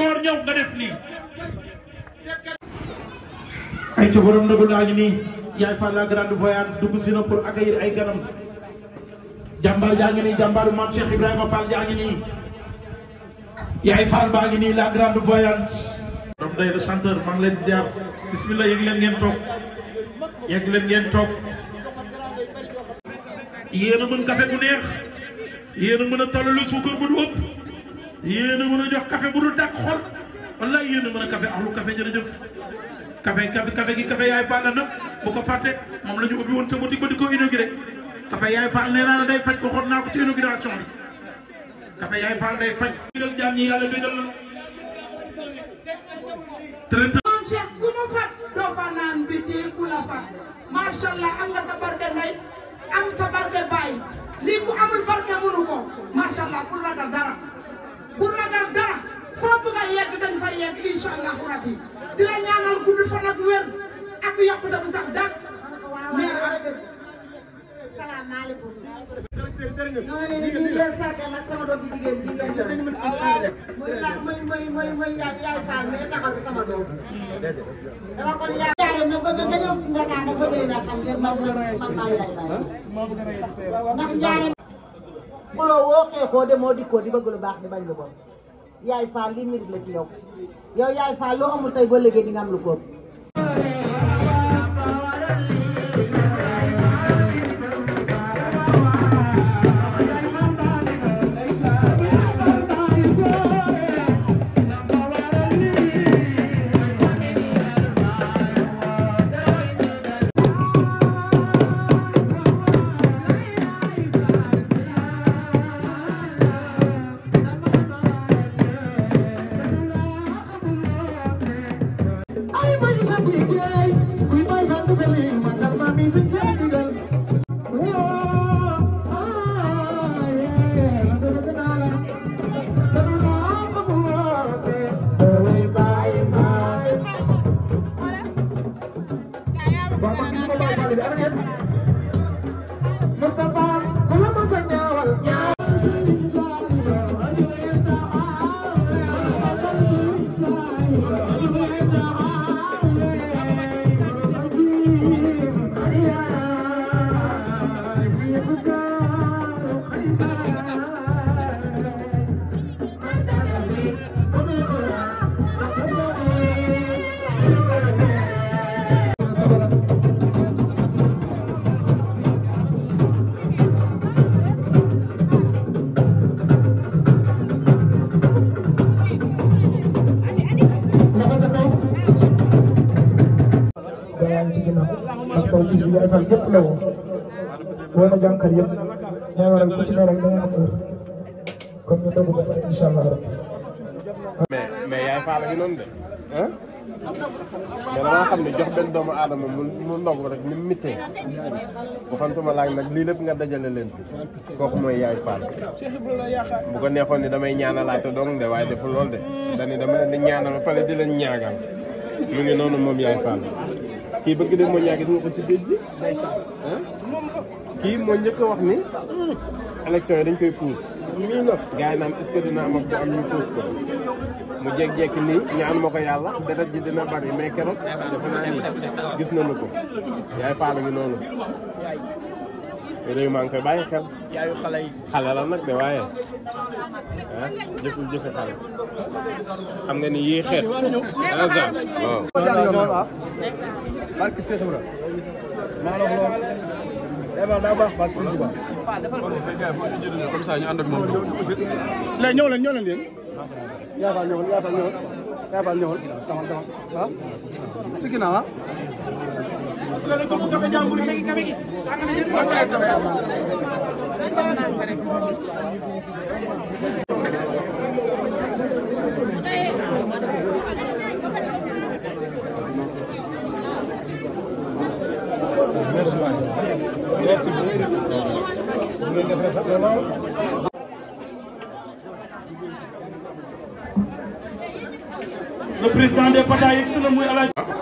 koor ñëw nga def nii ay ca laa ngi nii yaay fa la grande na pour accueillir ay ganam jàmbaar jaa ngi nii jàmbaaru maam Cheikh Ibrahima Fall jaa ngi nii yaay Fall baa ngi nii la grande voyante dom day le chanteur maa leen ziar bismillah yëg leen ngeen toog yëg leen ngeen toog yéen a mën café bu neex yéen a mën a tollu suukar bu du ëpp yéen a mën a jox café bu dul tàkk xol wallaay yéen a mën a café axlu ah café jërëjëf café café café gi café yaay faal la nag bu ko fàtte moom la ñu ubbi woon sa boutique ba di ko inauguré café yaay faal nee naa la day faj ko xool naa ko ci inauguration bi café yaay faal day faj bégal jaam ñi yàlla bégal la moom Cheikh ku mu fat doo fa naan bi dee ku la fat macha allah am nga sa barke ndey am sa barke baay lii ku amul barke mënu ko macha allah ku ragal dara foo bëgg a yegg dañ fa yegg incha allahu rabbi di la ñaanal gudd fan ak wér ak yokkute bu sax dàq. meer ak kon yaay jaaree na bëgg nga ñëw Ndakaar nag bëgg naa baax di bañ lu bon yaay faal li mérite la ci yow yow yaay faal loo amul tey boo léegi di nga am lu góob Ladies and gentlemen. aussi bi yaay ñëpp la woo woo na jànkat yëpp moo waral ku ci ne rek da nga am heure kon ñu dogu ba pare incha allah rabbi. mais mais yaay faala ngi noonu de ah mais damaa xam ne jox benn doomu aadama mu mu ndogu rek ni mu mittee waxantuma laaj nag lii lépp nga dajale leen fi kooku mooy yaay faal bu ko neexoon ni damay ñaanalaate dong de waaye deful lool de dañu dama leen di ñaanal ba pare di leen ñaagal mu ngi noonu moom yaay faal. kii ba de moo ñaa gis nga ko ci géej gi. kii moo njëkk a wax ni. élection yi dañ koy puus. mii la gars yi naan est-ce que dina am am ñu puus ko. mu jékki-jékki ni ñaan ma ko yàlla deret ji dina bari mais keroog defe naa ni gis nañu ko. yaay faalu ngi noonu. léegi maa ngi koy bàyyi xel. yaayu xale yi. xale la nag de waaye ah jëful jëfe xale xam nga ni yii xeet. hasard waaw. barke Seex Ibra maa la lool Eva daa baax barke Sëñ Tuba. comme ça ñu ànd ak moom léegi ñëw leen ñëw leen yéen. yaa fa ñëwal yaa fa ñëwal yaa fa ñëwal. si ginnaaw ah. Le président des Pataay yegg si na muy alaaj